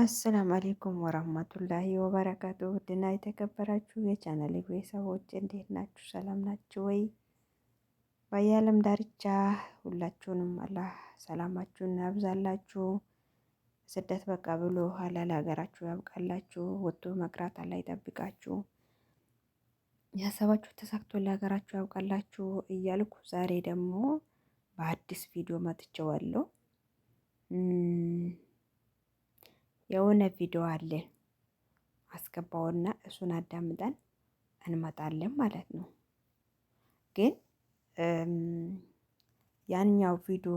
አሰላም አሌይኩም ወራህመቱላሂ ወበረካቱ። ውድና የተከበራችሁ የቻናል ቤተሰቦች እንዴት ናችሁ? ሰላም ናችሁ ወይ? በየዓለም ዳርቻ ሁላችሁንም አላህ ሰላማችሁን ያብዛላችሁ። ስደት በቃ ብሎ ሀላል ሀገራችሁ ያብቃላችሁ። ወቶ መቅራት አላህ ይጠብቃችሁ። ያሰባችሁ ተሳክቶ ለሀገራችሁ ያብቃላችሁ እያልኩ ዛሬ ደግሞ በአዲስ ቪዲዮ መጥቼዋለሁ። የሆነ ቪዲዮ አለ አስገባውና እሱን አዳምጠን እንመጣለን ማለት ነው። ግን ያንኛው ቪዲዮ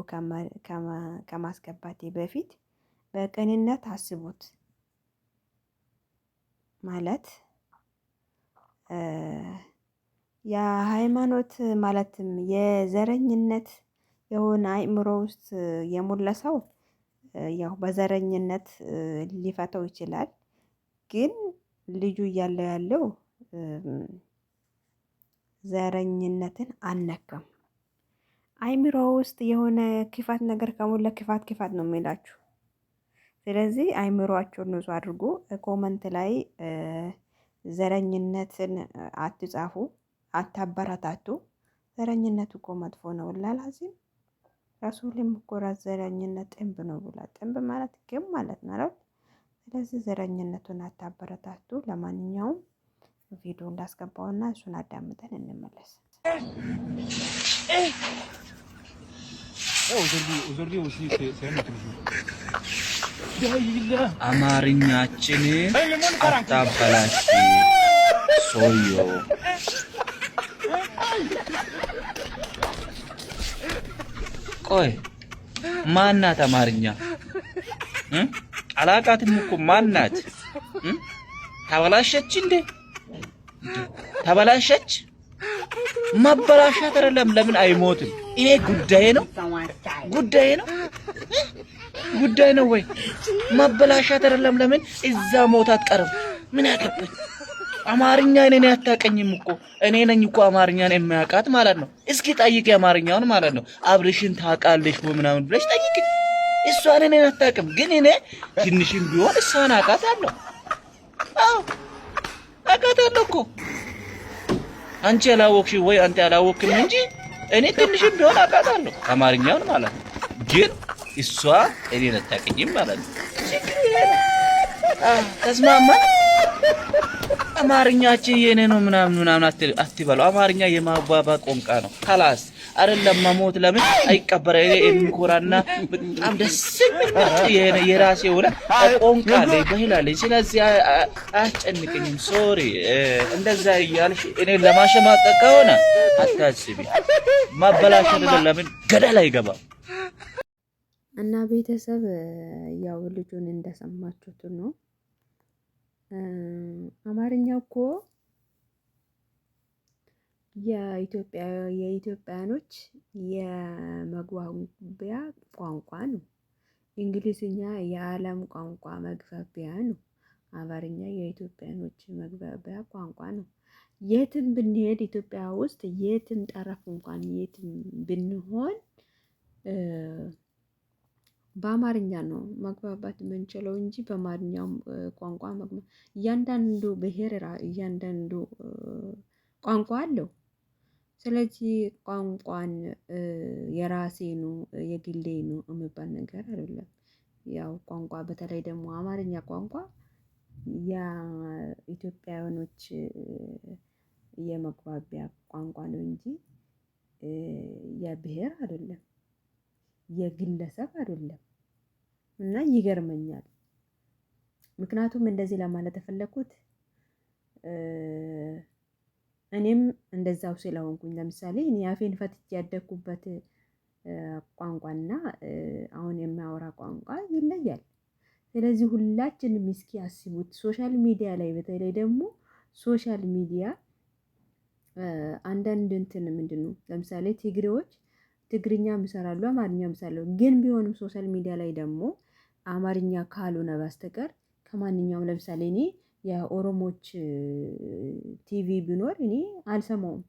ከማስገባቴ በፊት በቅንነት አስቡት ማለት የሃይማኖት ማለትም የዘረኝነት የሆነ አእምሮ ውስጥ የሞላ ሰው ያው በዘረኝነት ሊፈተው ይችላል። ግን ልጁ እያለው ያለው ዘረኝነትን አልነካም። አይምሮ ውስጥ የሆነ ክፋት ነገር ከሞላ ክፋት ክፋት ነው የሚላችሁ። ስለዚህ አይምሮአችሁን ንጹ አድርጉ። ኮመንት ላይ ዘረኝነትን አትጻፉ፣ አታበረታቱ። ዘረኝነት እኮ መጥፎ ነው ላላዚም ራሱ ለምኮራ ዘረኝነት ጥንብ ነው ብሏል። ጥንብ ማለት ግን ማለት ነው። ስለዚህ ዘረኝነቱን አታበረታቱ። ለማንኛውም ቪዲዮ እንዳስገባውና እሱን አዳምጠን እንመለስ። አማርኛችን አታበላሽ ሶዮ ቆይ ማናት? አማርኛ አላቃትም እኮ ማናት? ተበላሸች እንዴ? ተበላሸች። ማበላሻት ተረለም ለምን አይሞትም? እኔ ጉዳይ ነው፣ ጉዳይ ነው፣ ጉዳይ ነው ወይ? ማበላሻት ተረለም ለምን እዛ ሞት አትቀርም? ምን ያገባል? አማርኛ እኔን ያታቀኝም እኮ እኔ ነኝ እኮ አማርኛን የማያውቃት ማለት ነው። እስኪ ጠይቅ አማርኛውን ማለት ነው። አብርሽን ታውቃለሽ ወይ ምናምን ብለሽ ጠይቅ። እሷን እኔን አታውቅም፣ ግን እኔ ትንሽም ቢሆን እሷን አውቃታለሁ። አዎ አውቃታለሁ እኮ አንቺ ያላወቅሽ ወይ አንተ ያላወቅም እንጂ እኔ ትንሽም ቢሆን አውቃታለሁ አማርኛውን ማለት ነው። ግን እሷ እኔን አታውቅኝም ማለት ነው። ተስማማ አማርኛችን የኔ ነው ምናምን ምናምን አትበሉ። አማርኛ የማባባ ቋንቋ ነው። ካላስ አይደለም መሞት ለምን አይቀበረ የሚኮራና በጣም ደስ የራሴ የሆነ ቋንቋ ላይ ባህላለኝ። ስለዚህ አያስጨንቅኝም። ሶሪ እንደዛ እያልሽ እኔ ለማሸማቀቅ ከሆነ አታስቢ። ማበላሸት ለምን ገደል አይገባም። እና ቤተሰብ ያው ልጁን እንደሰማችሁት ነው አማርኛ እኮ የኢትዮጵያ የኢትዮጵያኖች የመግባቢያ ቋንቋ ነው። እንግሊዝኛ የዓለም ቋንቋ መግባቢያ ነው። አማርኛ የኢትዮጵያኖች መግባቢያ ቋንቋ ነው። የትም ብንሄድ ኢትዮጵያ ውስጥ የትም ጠረፍ እንኳን የትም ብንሆን በአማርኛ ነው መግባባት የምንችለው እንጂ በማንኛውም ቋንቋ እያንዳንዱ ብሔር እያንዳንዱ ቋንቋ አለው። ስለዚህ ቋንቋን የራሴ ነው የግሌ ነው የሚባል ነገር አይደለም። ያው ቋንቋ በተለይ ደግሞ አማርኛ ቋንቋ የኢትዮጵያውያኖች የመግባቢያ ቋንቋ ነው እንጂ የብሄር አይደለም። የግለሰብ አይደለም እና ይገርመኛል። ምክንያቱም እንደዚህ ለማለት የፈለኩት እኔም እንደዛው ስለሆንኩኝ ለምሳሌ እኔ አፌን ፈትቼ ያደግኩበት ቋንቋና አሁን የሚያወራ ቋንቋ ይለያል። ስለዚህ ሁላችንም እስኪ አስቡት። ሶሻል ሚዲያ ላይ በተለይ ደግሞ ሶሻል ሚዲያ አንዳንድ እንትን ምንድን ነው ለምሳሌ ትግሬዎች ትግርኛ ምሰራሉ፣ አማርኛም ይሰራሉ። ግን ቢሆንም ሶሻል ሚዲያ ላይ ደግሞ አማርኛ ካልሆነ በስተቀር ከማንኛውም ለምሳሌ እኔ የኦሮሞች ቲቪ ቢኖር እኔ አልሰማውም።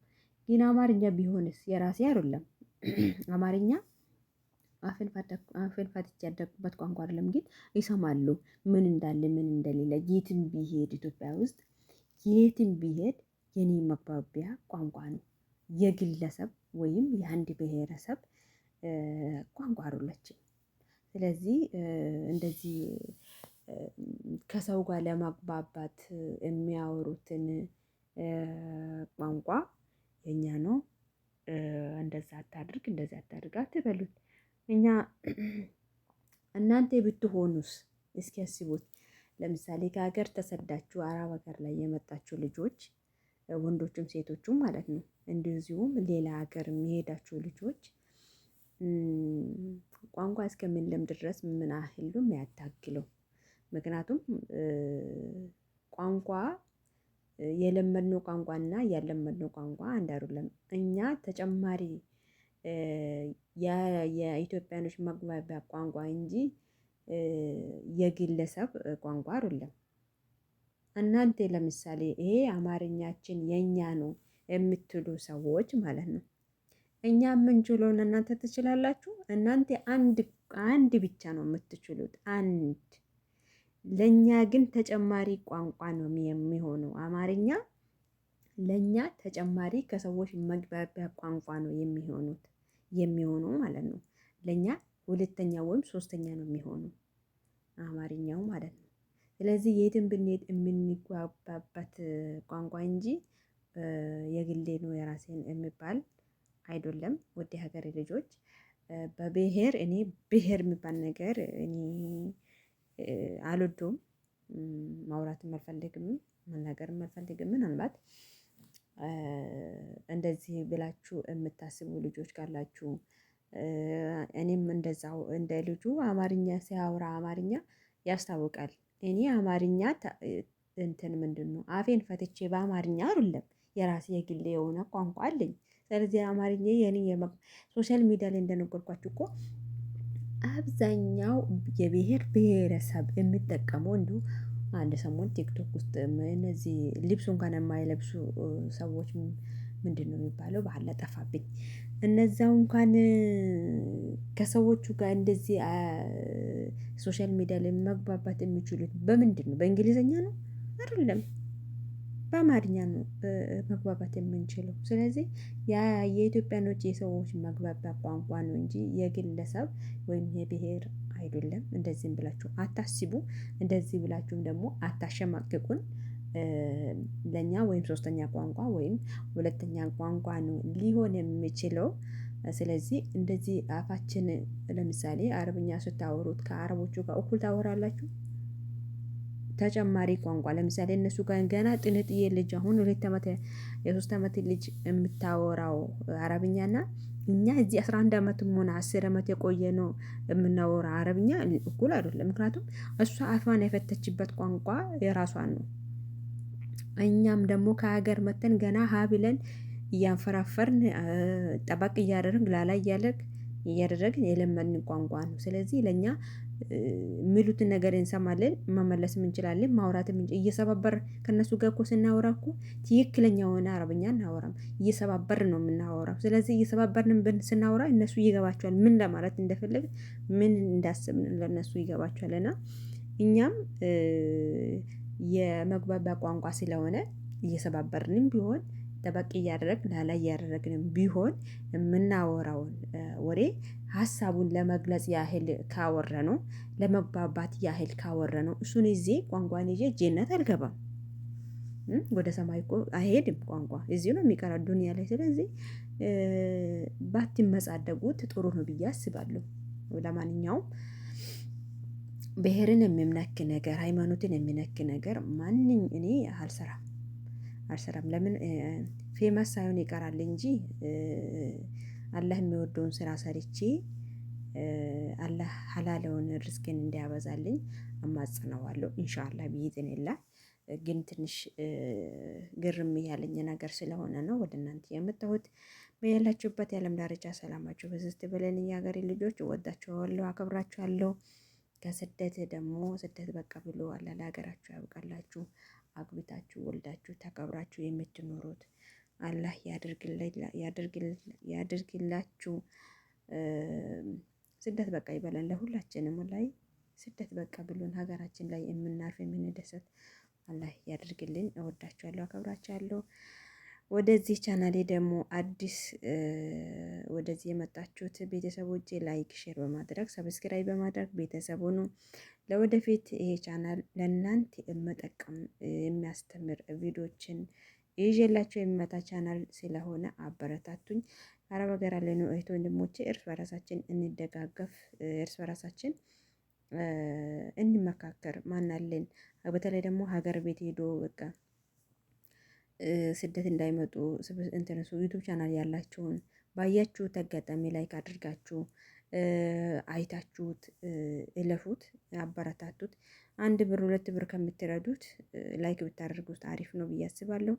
ግን አማርኛ ቢሆንስ የራሴ አይደለም። አማርኛ አፌን ፈትቼ ያደኩበት ቋንቋ አይደለም። ግን ይሰማሉ ምን እንዳለ ምን እንደሌለ የትም ቢሄድ ኢትዮጵያ ውስጥ የትም ቢሄድ የኔ መግባቢያ ቋንቋ ነው። የግለሰብ ወይም የአንድ ብሄረሰብ ቋንቋ አይደለችም ስለዚህ እንደዚህ ከሰው ጋር ለማግባባት የሚያወሩትን ቋንቋ የኛ ነው። እንደዛ አታድርግ እንደዛ አታድርግ አትበሉት። እኛ እናንተ ብትሆኑስ እስኪ አስቡት። ለምሳሌ ከሀገር ተሰዳችሁ አረብ ሀገር ላይ የመጣችሁ ልጆች ወንዶቹም ሴቶቹም ማለት ነው። እንደዚሁም ሌላ ሀገር የሚሄዳችሁ ልጆች ቋንቋ እስከምንለምድ ድረስ ምን ያህሉም ያታግለው። ምክንያቱም ቋንቋ የለመድነው ቋንቋና ያለመድነው ቋንቋ አንድ አይደለም። እኛ ተጨማሪ የኢትዮጵያኖች መግባቢያ ቋንቋ እንጂ የግለሰብ ቋንቋ አይደለም። እናንተ ለምሳሌ ይሄ አማርኛችን የእኛ ነው የምትሉ ሰዎች ማለት ነው እኛ የምንችለውን እናንተ ትችላላችሁ። እናንተ አንድ አንድ ብቻ ነው የምትችሉት አንድ። ለእኛ ግን ተጨማሪ ቋንቋ ነው የሚሆነው አማርኛ። ለእኛ ተጨማሪ ከሰዎች መግባቢያ ቋንቋ ነው የሚሆኑት የሚሆነው ማለት ነው። ለእኛ ሁለተኛ ወይም ሶስተኛ ነው የሚሆነው አማርኛው ማለት ነው። ስለዚህ የትን ብንሄድ የምንግባባበት ቋንቋ እንጂ የግሌ ነው የራሴን የሚባል አይደለም ወደ ሀገሬ ልጆች በብሄር እኔ ብሄር የሚባል ነገር እኔ አልወደውም። ማውራትም አልፈልግም፣ መናገርም አልፈልግም። ምናልባት እንደዚህ ብላችሁ የምታስቡ ልጆች ካላችሁ እኔም እንደዛው እንደ ልጁ አማርኛ ሲያወራ አማርኛ ያስታውቃል። እኔ አማርኛ እንትን ምንድን ነው አፌን ፈትቼ በአማርኛ አይደለም የራሴ የግሌ የሆነ ቋንቋ አለኝ። ስለዚህ አማርኛ የኔ ሶሻል ሚዲያ ላይ እንደነገርኳችሁ እኮ አብዛኛው የብሔር ብሔረሰብ የሚጠቀመው እንዲሁ አንድ ሰሞን ቲክቶክ ውስጥ እነዚህ ልብሱ እንኳን የማይለብሱ ሰዎች ምንድን ነው የሚባለው? ባህል ጠፋብኝ። እነዛው እንኳን ከሰዎቹ ጋር እንደዚህ ሶሻል ሚዲያ ላይ መግባባት የሚችሉት በምንድን ነው? በእንግሊዝኛ ነው አይደለም። በአማርኛ ነው መግባባት የምንችለው። ስለዚህ የኢትዮጵያኖች የሰዎች መግባቢያ ቋንቋ ነው እንጂ የግለሰብ ወይም የብሄር አይደለም። እንደዚህም ብላችሁ አታስቡ እንደዚህ ብላችሁም ደግሞ አታሸማቅቁን። ለእኛ ወይም ሶስተኛ ቋንቋ ወይም ሁለተኛ ቋንቋ ነው ሊሆን የሚችለው። ስለዚህ እንደዚህ አፋችን ለምሳሌ አረብኛ ስታወሩት ከአረቦቹ ጋር እኩል ታወራላችሁ ተጨማሪ ቋንቋ ለምሳሌ እነሱ ጋር ገና ጥንጥዬ ልጅ አሁን ሁለት ዓመት የሶስት ዓመት ልጅ የምታወራው አረብኛ ና እኛ እዚህ አስራ አንድ ዓመትም ሆነ አስር ዓመት የቆየ ነው የምናወራ አረብኛ እኩል አይደለም። ምክንያቱም እሷ አፏን የፈተችበት ቋንቋ የራሷን ነው። እኛም ደግሞ ከሀገር መተን ገና ሀብለን እያንፈራፈርን ጠበቅ እያደረግን ላላ እያለግ እያደረግን የለመድን ቋንቋ ነው። ስለዚህ ለእኛ የሚሉትን ነገር እንሰማለን መመለስም እንችላለን ማውራትም እየሰባበር ከነሱ ጋር እኮ ስናወራ እኮ ትክክለኛ የሆነ አረብኛ እናወራም፣ እየሰባበር ነው የምናወራው። ስለዚህ እየሰባበርን ስናወራ እነሱ ይገባቸዋል ምን ለማለት እንደፈለግ ምን እንዳስብን ለእነሱ ይገባቸዋል። እና እኛም የመግባቢያ ቋንቋ ስለሆነ እየሰባበርንም ቢሆን ጠበቅ እያደረግ ላላ እያደረግንም ቢሆን የምናወራውን ወሬ ሀሳቡን ለመግለጽ ያህል ካወረ ነው ለመግባባት ያህል ካወረ ነው እሱን ይዜ ቋንቋን ይዤ ጄነት አልገባም። ወደ ሰማይ እኮ አይሄድም። ቋንቋ እዚህ ነው የሚቀራ ዱኒያ ላይ። ስለዚህ ባትመጻደቁት ጥሩ ነው ብዬ አስባለሁ። ለማንኛውም ብሔርን የሚነክ ነገር ሃይማኖትን የሚነክ ነገር ማንኝ እኔ አልሰራም። አልሰራም። ለምን ፌመስ ሳይሆን ይቀራል እንጂ አላህ የሚወደውን ስራ ሰርቼ አላህ ሀላለውን ርስኬን እንዲያበዛልኝ አማጽነዋለሁ። እንሻላ ኢንሻአላህ ቢኢዝኒላህ። ግን ትንሽ ግርም እያለኝ ነገር ስለሆነ ነው ወደ እናንተ የመጣሁት። በያላችሁበት የዓለም ዳርቻ ሰላማችሁ በስስት በለን። የሀገሬ ልጆች እወዳችኋለሁ፣ አከብራችኋለሁ። ከስደት ደግሞ ስደት በቃ ብሎ አላህ ለሀገራችሁ ያብቃላችሁ። አግብታችሁ ወልዳችሁ ተከብራችሁ የምትኖሩት አላህ ያድርግላችሁ። ስደት በቃ ይበለን ለሁላችንም። ላይ ስደት በቃ ብሎን ሀገራችን ላይ የምናርፍ የምንደሰት አላህ ያድርግልን። እወዳችኋለሁ፣ አከብራችኋለሁ። ወደዚህ ቻናሌ ደግሞ አዲስ ወደዚህ የመጣችሁት ቤተሰቦቼ ላይክ፣ ሼር በማድረግ ሰብስክራይብ በማድረግ ቤተሰቡ ነው። ለወደፊት ይሄ ቻናል ለእናንተ መጠቀም የሚያስተምር ቪዲዮችን ይዤላቸው የሚመጣ ቻናል ስለሆነ አበረታቱኝ። አረብ ሀገር ያለ ነው እህት ወንድሞቼ እርስ በራሳችን እንደጋገፍ፣ እርስ በራሳችን እንመካከር። ማናለን በተለይ ደግሞ ሀገር ቤት ሄዶ በቃ ስደት እንዳይመጡ እንትነሱ ዩቱብ ቻናል ያላችሁን ባያችሁት ተጋጣሚ ላይክ አድርጋችሁ አይታችሁት እለፉት፣ አበረታቱት። አንድ ብር ሁለት ብር ከምትረዱት ላይክ ብታደርጉት አሪፍ ነው ብዬ አስባለሁ።